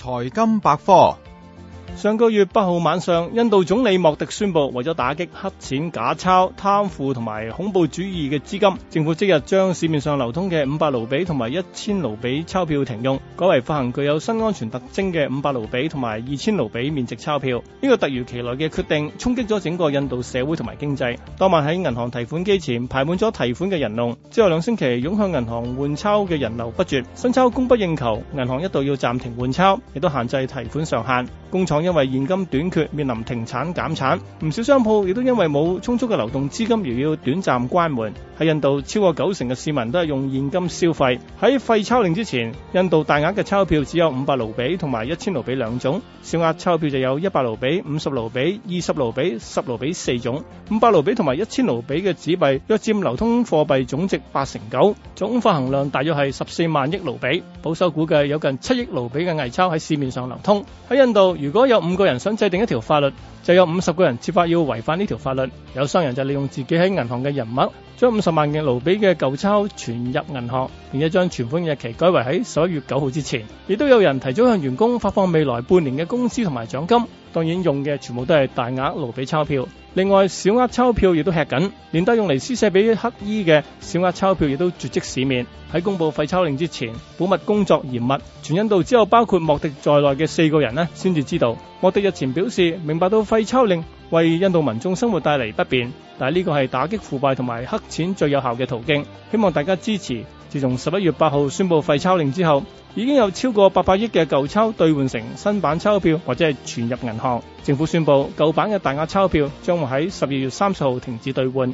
財金百科。上個月八號晚上，印度總理莫迪宣布，為咗打擊黑錢、假鈔、貪腐同埋恐怖主義嘅資金，政府即日將市面上流通嘅五百盧比同埋一千盧比鈔票停用，改為發行具有新安全特徵嘅五百盧比同埋二千盧比面值鈔票。呢個突如其來嘅決定，沖擊咗整個印度社會同埋經濟。當晚喺銀行提款機前排滿咗提款嘅人龍，之後兩星期湧向銀行換鈔嘅人流不絕，新鈔供不應求，銀行一度要暫停換鈔，亦都限制提款上限，工廠。因為現金短缺，面臨停產減產，唔少商鋪亦都因為冇充足嘅流動資金，而要短暫關門。喺印度，超過九成嘅市民都係用現金消費。喺廢鈔令之前，印度大額嘅鈔票只有五百盧比同埋一千盧比兩種，小額鈔票就有一百盧比、五十盧比、二十盧比、十盧比四種。五百盧比同埋一千盧比嘅紙幣，約佔流通貨幣總值八成九，總發行量大約係十四萬億盧比。保守估計有近七億盧比嘅偽鈔喺市面上流通。喺印度，如果有五個人想制定一條法律，就有五十個人設法要違反呢條法律。有商人就利用自己喺銀行嘅人脈，將五十萬嘅盧比嘅舊鈔存入銀行，並且將存款日期改為喺十一月九號之前。亦都有人提早向員工發放未來半年嘅工資同埋獎金。當然用嘅全部都係大額盧比鈔票，另外小額鈔票亦都吃緊，連得用嚟施捨俾乞衣嘅小額鈔票亦都絕跡市面。喺公布廢鈔令之前，保密工作嚴密，全印度只有包括莫迪在內嘅四個人呢先至知道。莫迪日前表示明白到廢鈔令，為印度民眾生活帶嚟不便，但係呢個係打擊腐敗同埋黑錢最有效嘅途徑，希望大家支持。自從十一月八號宣布廢鈔令之後，已經有超過八百億嘅舊鈔兌換成新版鈔票或者係存入銀行。政府宣布舊版嘅大額鈔票將會喺十二月三十號停止兌換。